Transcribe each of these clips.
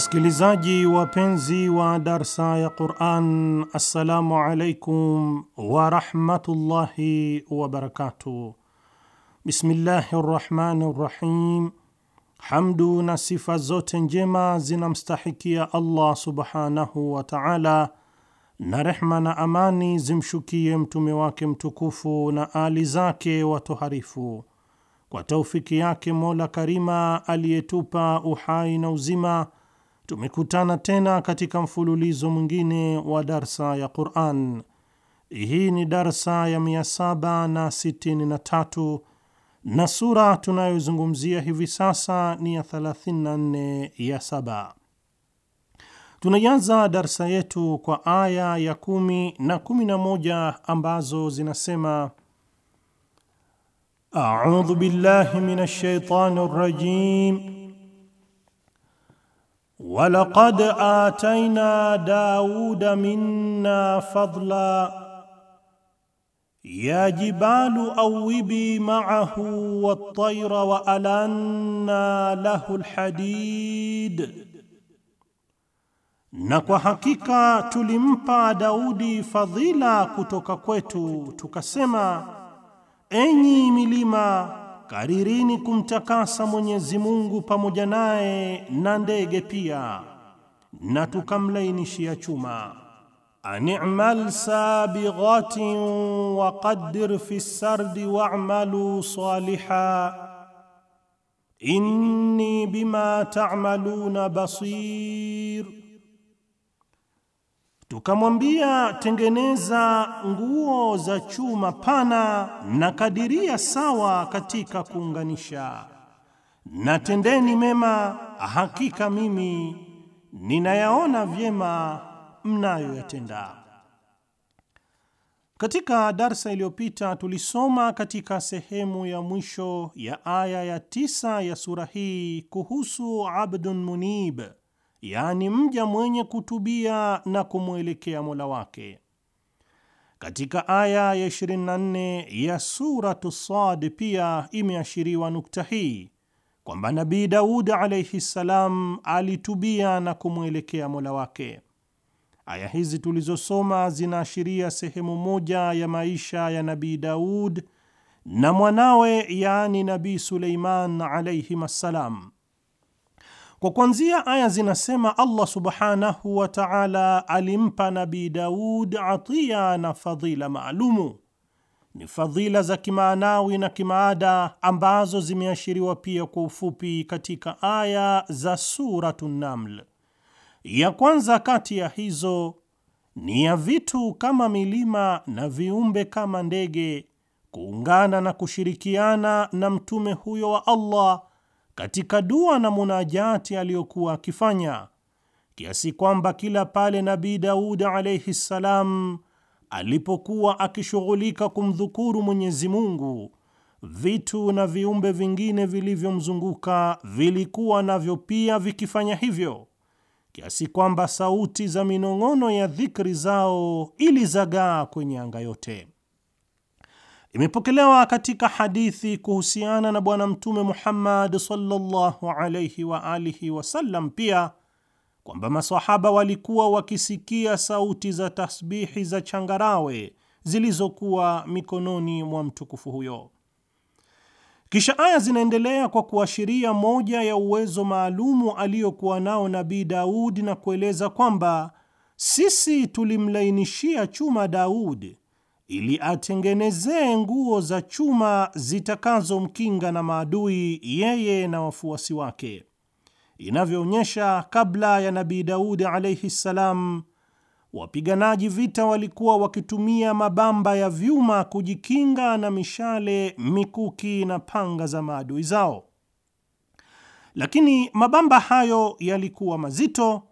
Wasikilizaji wapenzi wa darsa ya Quran, assalamu alaikum warahmatullahi wabarakatuh. Bismillahi rahmani rahim Hamdu na sifa zote njema zinamstahikia Allah subhanahu wa taala, na rehma na amani zimshukie mtume wake mtukufu na ali zake watoharifu kwa taufiki yake Mola Karima aliyetupa uhai na uzima tumekutana tena katika mfululizo mwingine wa darsa ya Quran. Hii ni darsa ya 763 na, na sura tunayozungumzia hivi sasa ni ya 34 ya saba. Tunaianza darsa yetu kwa aya ya kumi na kumi na moja ambazo zinasema: audhu billahi minash shaitani rajim ولقد آتينا داود منا فضلا يا جبال أوبي معه والطير وألنا له الحديد na kwa hakika tulimpa Daudi fadhila kutoka kwetu, tukasema: enyi milima karirini kumtakasa Mwenyezi Mungu pamoja naye na ndege pia, na tukamlainishia chuma. Ani'mal sabighatin wa qaddir fi sardi wa'malu saliha inni bima ta'maluna basir Tukamwambia, tengeneza nguo za chuma pana na kadiria sawa katika kuunganisha, na tendeni mema, hakika mimi ninayaona vyema mnayoyatenda. Katika darsa iliyopita tulisoma katika sehemu ya mwisho ya aya ya tisa ya sura hii kuhusu abdun munib yaani mja mwenye kutubia na kumwelekea Mola wake. Katika aya ya 24 ya Suratu Sad pia imeashiriwa nukta hii kwamba Nabii Daudi alaihi ssalam alitubia na kumwelekea Mola wake. Aya hizi tulizosoma zinaashiria sehemu moja ya maisha ya Nabii Daud na mwanawe, yaani Nabii Suleiman alaihim assalam kwa kwanzia aya zinasema Allah subhanahu wa ta'ala alimpa Nabii Daud atiya na fadhila maalumu. Ni fadhila za kimaanawi na kimaada ambazo zimeashiriwa pia kwa ufupi katika aya za Suratu Naml. Ya kwanza kati ya hizo ni ya vitu kama milima na viumbe kama ndege kuungana na kushirikiana na mtume huyo wa Allah katika dua na munajati aliyokuwa akifanya, kiasi kwamba kila pale Nabii Daudi alaihi ssalam alipokuwa akishughulika kumdhukuru Mwenyezi Mungu, vitu na viumbe vingine vilivyomzunguka vilikuwa navyo pia vikifanya hivyo, kiasi kwamba sauti za minong'ono ya dhikri zao ilizagaa kwenye anga yote. Imepokelewa katika hadithi kuhusiana na Bwana Mtume Muhammad sallallahu alayhi wa alihi wasallam pia kwamba masahaba walikuwa wakisikia sauti za tasbihi za changarawe zilizokuwa mikononi mwa mtukufu huyo. Kisha aya zinaendelea kwa kuashiria moja ya uwezo maalumu aliyokuwa nao Nabii Daudi na kueleza kwamba sisi tulimlainishia chuma Daudi ili atengenezee nguo za chuma zitakazomkinga na maadui yeye na wafuasi wake, inavyoonyesha kabla ya Nabii Daudi alaihi ssalam, wapiganaji vita walikuwa wakitumia mabamba ya vyuma kujikinga na mishale, mikuki na panga za maadui zao, lakini mabamba hayo yalikuwa mazito,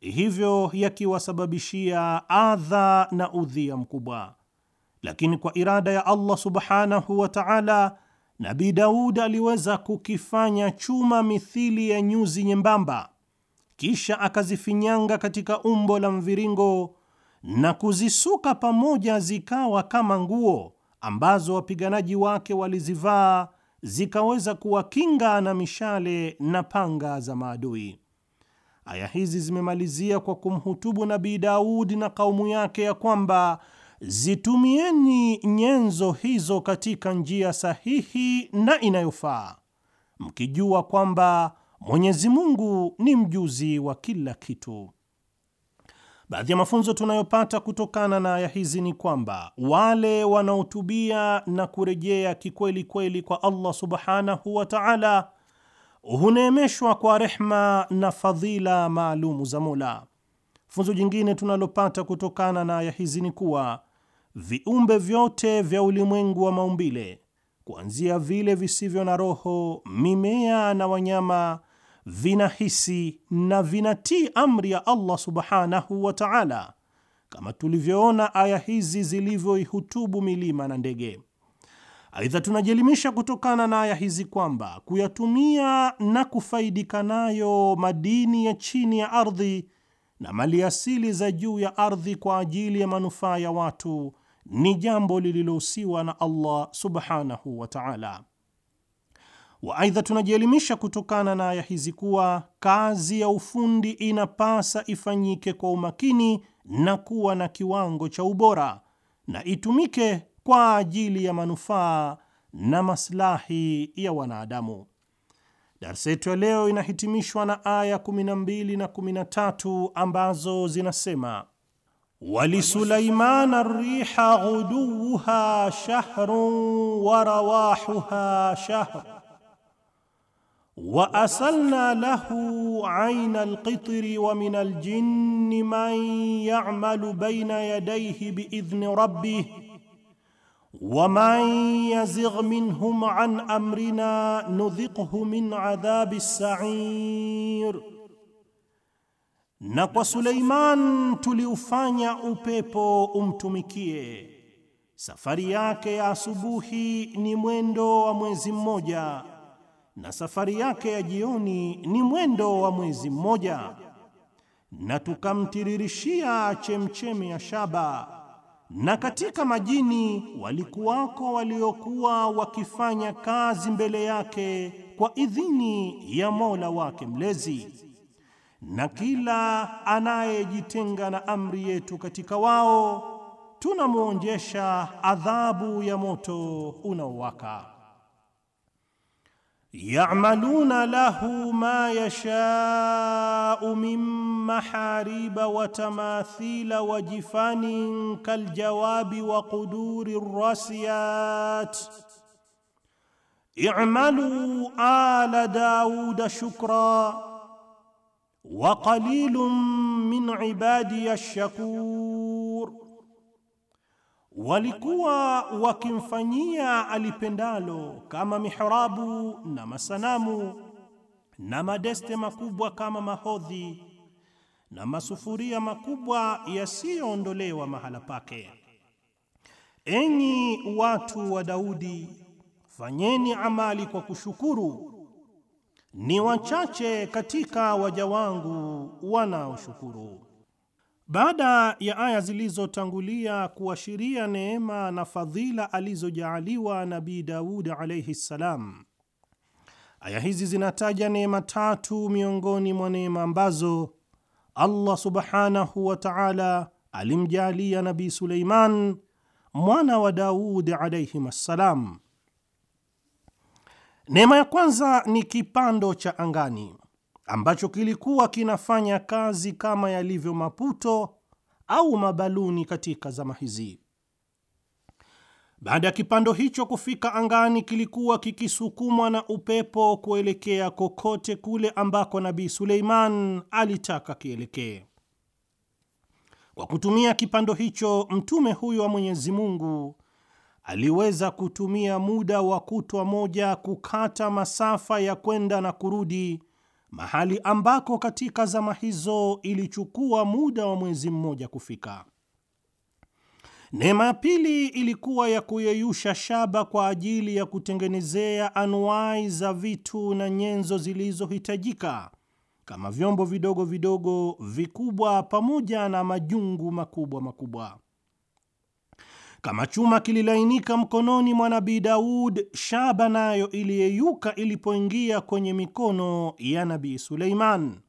hivyo yakiwasababishia adha na udhia mkubwa lakini kwa irada ya Allah subhanahu wa ta'ala, Nabii Daud aliweza kukifanya chuma mithili ya nyuzi nyembamba, kisha akazifinyanga katika umbo la mviringo na kuzisuka pamoja zikawa kama nguo ambazo wapiganaji wake walizivaa zikaweza kuwakinga na mishale na panga za maadui. Aya hizi zimemalizia kwa kumhutubu Nabii Daudi na kaumu yake ya kwamba zitumieni nyenzo hizo katika njia sahihi na inayofaa, mkijua kwamba Mwenyezi Mungu ni mjuzi wa kila kitu. Baadhi ya mafunzo tunayopata kutokana na aya hizi ni kwamba wale wanaotubia na kurejea kikweli kweli kwa Allah subhanahu wa ta'ala huneemeshwa kwa rehma na fadhila maalumu za Mola. Funzo jingine tunalopata kutokana na aya hizi ni kuwa viumbe vyote vya ulimwengu wa maumbile, kuanzia vile visivyo na roho, mimea na wanyama, vinahisi na vinatii amri ya Allah subhanahu wa ta'ala, kama tulivyoona aya hizi zilivyoihutubu milima na ndege. Aidha, tunajielimisha kutokana na aya hizi kwamba kuyatumia na kufaidika nayo madini ya chini ya ardhi na maliasili za juu ya ardhi kwa ajili ya manufaa ya watu ni jambo lililohusiwa na Allah subhanahu wa ta'ala. Wa aidha, tunajielimisha kutokana na aya hizi kuwa kazi ya ufundi inapasa ifanyike kwa umakini na kuwa na kiwango cha ubora na itumike kwa ajili ya manufaa na maslahi ya wanadamu. Darsa yetu ya leo inahitimishwa na aya 12 na 13 ambazo zinasema ولسليمان الريح غدوها شهر ورواحها شهر واسلنا له عين القطر ومن الجن من يعمل بين يديه باذن ربه ومن يزغ منهم عن امرنا نذقه من عذاب السعير Na kwa Suleiman tuliufanya upepo umtumikie, safari yake ya asubuhi ni mwendo wa mwezi mmoja, na safari yake ya jioni ni mwendo wa mwezi mmoja, na tukamtiririshia chemchemi ya shaba, na katika majini walikuwako waliokuwa wakifanya kazi mbele yake kwa idhini ya Mola wake mlezi. na kila anayejitenga na amri yetu katika wao tunamwonjesha adhabu ya moto unaowaka. Yamaluna lahu ma yashau min mahariba wa tamathila wa jifanin kaljawabi wa quduri rasiyat i'malu ala Dauda shukra wa qalilun min ibadiya shakur, walikuwa wakimfanyia alipendalo kama mihrabu na masanamu na madeste makubwa kama mahodhi na masufuria makubwa yasiyoondolewa mahala pake. Enyi watu wa Daudi, fanyeni amali kwa kushukuru ni wachache katika waja wangu wanaoshukuru. Baada ya aya zilizotangulia kuashiria neema na fadhila alizojaaliwa Nabii daud alaihi ssalam, aya hizi zinataja neema tatu miongoni mwa neema ambazo Allah subhanahu wa taala alimjaalia Nabii Suleiman mwana wa Daudi alaihim assalam Neema ya kwanza ni kipando cha angani ambacho kilikuwa kinafanya kazi kama yalivyo maputo au mabaluni katika zama hizi. Baada ya kipando hicho kufika angani, kilikuwa kikisukumwa na upepo kuelekea kokote kule ambako Nabii Suleiman alitaka kielekee. Kwa kutumia kipando hicho, mtume huyo wa Mwenyezi Mungu aliweza kutumia muda wa kutwa moja kukata masafa ya kwenda na kurudi, mahali ambako katika zama hizo ilichukua muda wa mwezi mmoja kufika. Neema ya pili ilikuwa ya kuyeyusha shaba kwa ajili ya kutengenezea anuai za vitu na nyenzo zilizohitajika kama vyombo vidogo vidogo, vikubwa, pamoja na majungu makubwa makubwa. Kama chuma kililainika mkononi mwa Nabii Daud, shaba nayo iliyeyuka ilipoingia kwenye mikono ya Nabii Suleiman.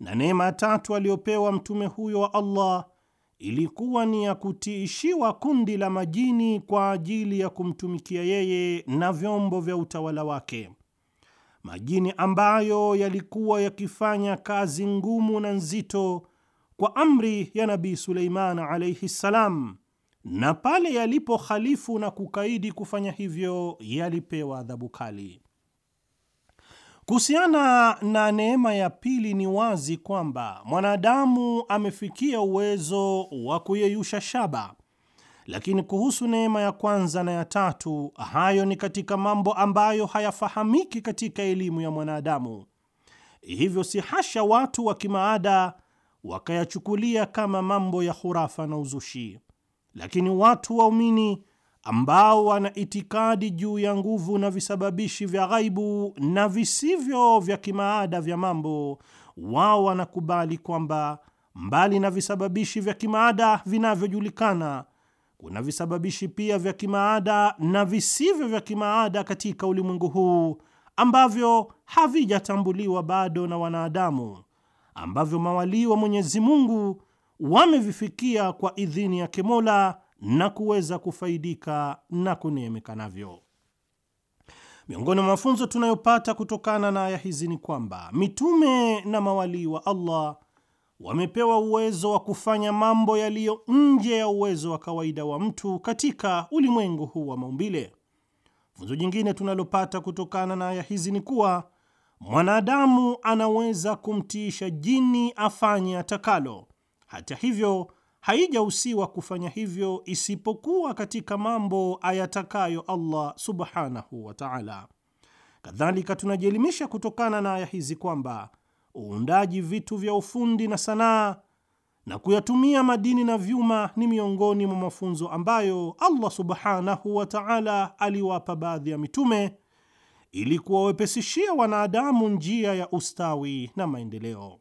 Na neema tatu aliyopewa mtume huyo wa Allah ilikuwa ni ya kutiishiwa kundi la majini kwa ajili ya kumtumikia yeye na vyombo vya utawala wake, majini ambayo yalikuwa yakifanya kazi ngumu na nzito kwa amri ya Nabii Suleiman alaihi ssalam na pale yalipokhalifu na kukaidi kufanya hivyo yalipewa adhabu kali. Kuhusiana na neema ya pili, ni wazi kwamba mwanadamu amefikia uwezo wa kuyeyusha shaba, lakini kuhusu neema ya kwanza na ya tatu, hayo ni katika mambo ambayo hayafahamiki katika elimu ya mwanadamu. Hivyo si hasha watu wa kimaada wakayachukulia kama mambo ya hurafa na uzushi lakini watu waumini ambao wana itikadi juu ya nguvu na visababishi vya ghaibu na visivyo vya kimaada vya mambo, wao wanakubali kwamba mbali na visababishi vya kimaada vinavyojulikana, kuna visababishi pia vya kimaada na visivyo vya kimaada katika ulimwengu huu ambavyo havijatambuliwa bado na wanadamu, ambavyo mawalii wa Mwenyezi Mungu wamevifikia kwa idhini ya Kimola na kuweza kufaidika na kuneemeka navyo. Miongoni mwa mafunzo tunayopata kutokana na aya hizi ni kwamba mitume na mawalii wa Allah wamepewa uwezo wa kufanya mambo yaliyo nje ya uwezo wa kawaida wa mtu katika ulimwengu huu wa maumbile. Funzo jingine tunalopata kutokana na aya hizi ni kuwa mwanadamu anaweza kumtiisha jini afanye atakalo hata hivyo haijahusiwa kufanya hivyo isipokuwa katika mambo ayatakayo Allah subhanahu wa ta'ala. Kadhalika tunajielimisha kutokana na aya hizi kwamba uundaji vitu vya ufundi na sanaa na kuyatumia madini na vyuma ni miongoni mwa mafunzo ambayo Allah subhanahu wa ta'ala aliwapa baadhi ya mitume ili kuwawepesishia wanadamu njia ya ustawi na maendeleo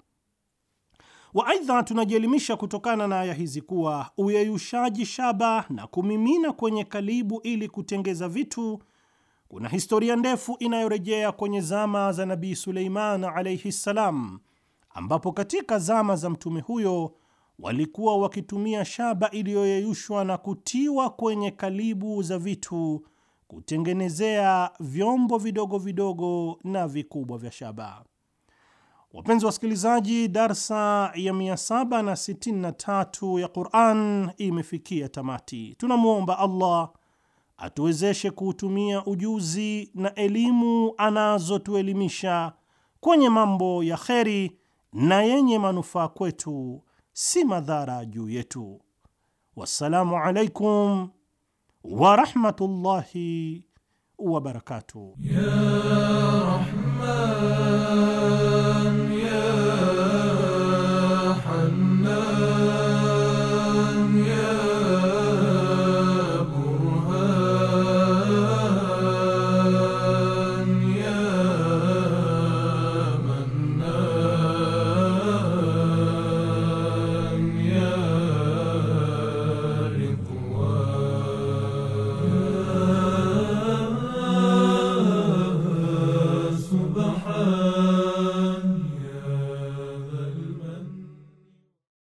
wa aidha, tunajielimisha kutokana na aya hizi kuwa uyeyushaji shaba na kumimina kwenye kalibu ili kutengeza vitu kuna historia ndefu inayorejea kwenye zama za Nabii Suleiman alaihi ssalam, ambapo katika zama za mtume huyo walikuwa wakitumia shaba iliyoyeyushwa na kutiwa kwenye kalibu za vitu kutengenezea vyombo vidogo vidogo na vikubwa vya shaba. Wapenzi wasikilizaji, darsa ya 763 ya Quran imefikia tamati. Tunamwomba Allah atuwezeshe kuutumia ujuzi na elimu anazotuelimisha kwenye mambo ya kheri na yenye manufaa kwetu, si madhara juu yetu. Wassalamu alaikum warahmatullahi wabarakatuh.